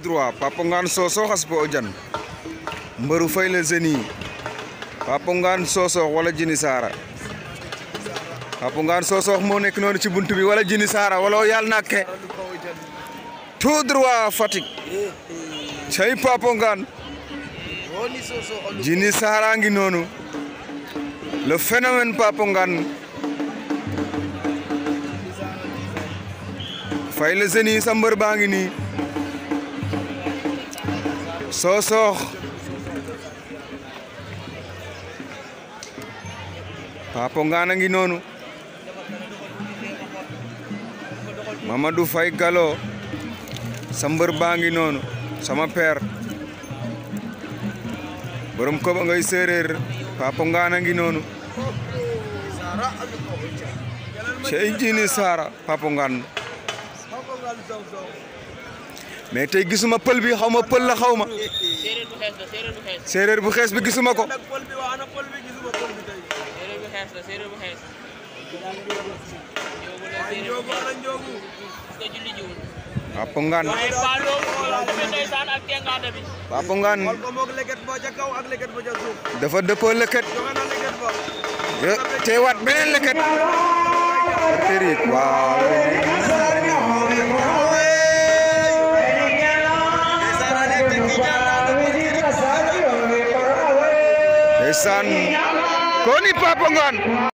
droit papongan sosok khas bo ojan Faye sosok walajini yi Papongane wala Jini Sara Papongane Sossokh moo nekk ci buntu bi wala Jini Sara wala Yal Nakke tout droit fatik, cey papongan Jini Sara ngi nonu le phénomène papongan Faye la jeune Sosok papong nga nang ginono mama du sa galo sambar sama per borom ko ba ngay serer papong nga nang ginono Jini Sara mais tey gisuma pël bi xaw ma pël la xaw ma bu xees bi gisuma ko waa Pongaan waa Pongaan dafa dëppoo lëkkat teewaat beneen lëkkat waaw Ndeysaan koo ni Papa Ngane